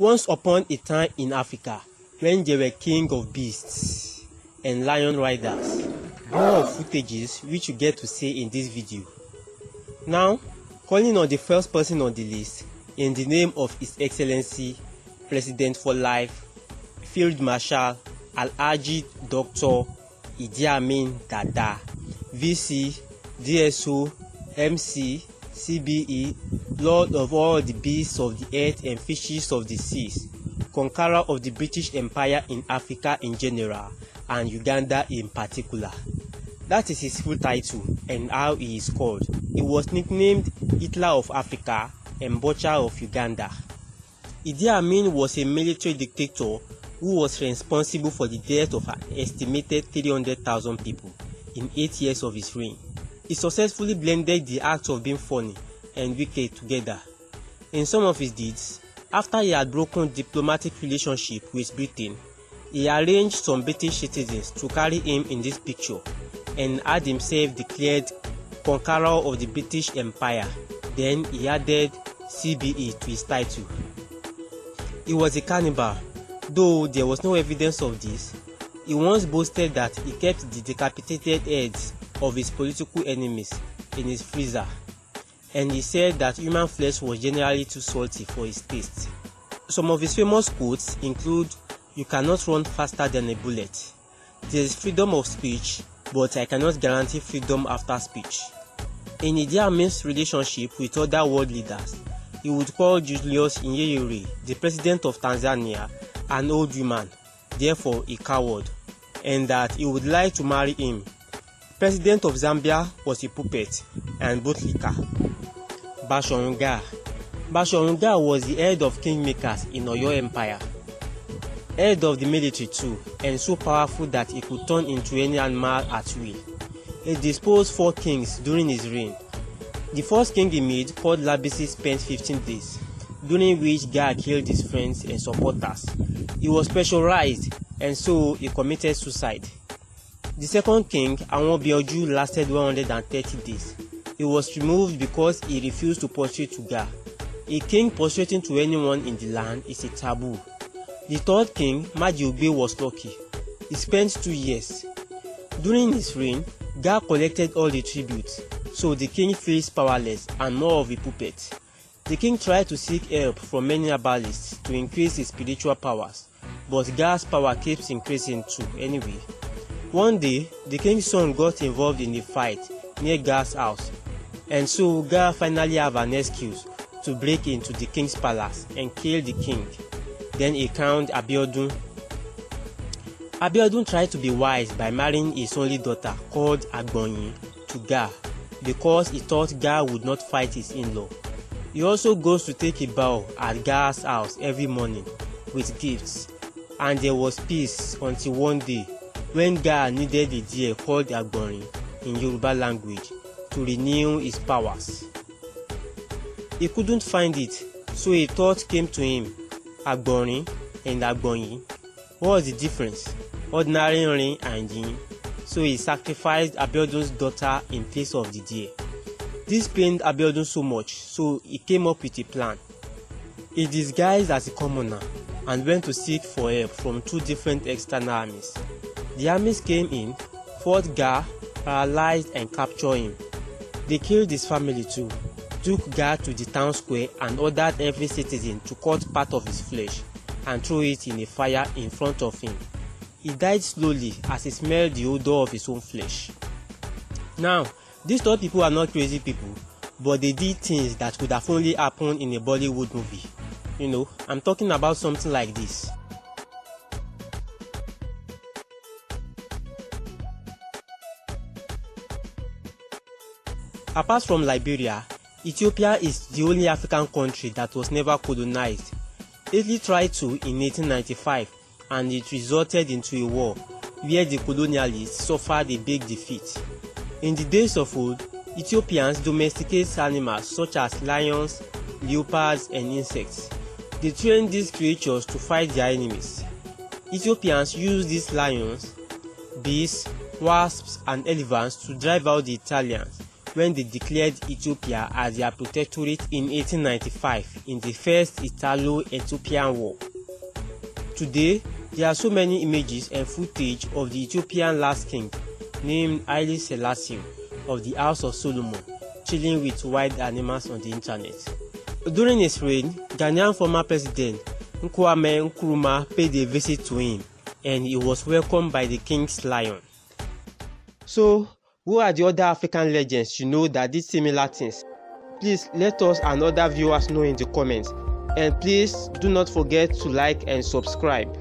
Once upon a time in Africa, when they were king of beasts and lion riders, more of footages which you get to see in this video. Now, calling on the first person on the list, in the name of His Excellency, President for Life, Field Marshal Alhaji Dr. Idi Amin Dada, VC, DSO, MC, CBE, lord of all the beasts of the earth and fishes of the seas, conqueror of the British Empire in Africa in general and Uganda in particular. That is his full title and how he is called. He was nicknamed Hitler of Africa and Butcher of Uganda. Idi Amin was a military dictator who was responsible for the death of an estimated 300,000 people in eight years of his reign. He successfully blended the act of being funny and Wike together. In some of his deeds, after he had broken diplomatic relationship with Britain, he arranged some British citizens to carry him in this picture and had himself declared conqueror of the British Empire. Then he added CBE to his title. He was a cannibal, though there was no evidence of this. He once boasted that he kept the decapitated heads of his political enemies in his freezer and he said that human flesh was generally too salty for his taste. Some of his famous quotes include You cannot run faster than a bullet. There is freedom of speech, but I cannot guarantee freedom after speech. In Idi Amin's relationship with other world leaders, he would call Julius Nyerere, the president of Tanzania, an old woman, therefore a coward, and that he would like to marry him. President of Zambia was a puppet and bootlicker. Bashorun Gaa. was the head of kingmakers in Oyo Empire, head of the military too, and so powerful that he could turn into any animal at will. He disposed four kings during his reign. The first king he made, called Labisi, spent 15 days, during which Gar killed his friends and supporters. He was pressurized and so he committed suicide. The second king, Awonbioju, lasted 130 days. He was removed because he refused to prostrate to Ga. A king prostrating to anyone in the land is a taboo. The third king, Majiogbe, was lucky. He spent two years. During his reign, Ga collected all the tributes, so the king feels powerless and more of a puppet. The king tried to seek help from many abalists to increase his spiritual powers, but Ga's power keeps increasing too anyway. One day, the king's son got involved in a fight near Ga's house And so Uga finally have an excuse to break into the king's palace and kill the king. Then he crowned Abiodun. Abiodun tried to be wise by marrying his only daughter called Agbonyin to Ga because he thought Ga would not fight his in-law. He also goes to take a bow at Ga's house every morning with gifts and there was peace until one day when Ga needed a deer called Agborin in Yoruba language to renew his powers. He couldn't find it, so a thought came to him agony and What What's the difference? Ordinary and yin. So he sacrificed Abiodun's daughter in place of the deer. This pained Abiodun so much, so he came up with a plan. He disguised as a commoner and went to seek for help from two different external armies. The armies came in, fought Gar, paralyzed and captured him. They killed his family too, took guard to the town square and ordered every citizen to cut part of his flesh and throw it in a fire in front of him. He died slowly as he smelled the odor of his own flesh. Now, these tall people are not crazy people, but they did things that could have only happened in a Bollywood movie. You know, I'm talking about something like this. Apart from Liberia, Ethiopia is the only African country that was never colonized. Italy tried to in 1895 and it resulted into a war where the colonialists suffered a big defeat. In the days of old, Ethiopians domesticated animals such as lions, leopards and insects. They trained these creatures to fight their enemies. Ethiopians used these lions, bees, wasps and elephants to drive out the Italians. when they declared Ethiopia as their protectorate in 1895 in the first Italo-Ethiopian War. Today, there are so many images and footage of the Ethiopian last king named Haile Selassie of the House of Solomon chilling with wild animals on the internet. During his reign, Ghanaian former president Nkwame Nkrumah paid a visit to him and he was welcomed by the king's lion. So, Who are the other African legends you know that did similar things? Please let us and other viewers know in the comments. And please do not forget to like and subscribe.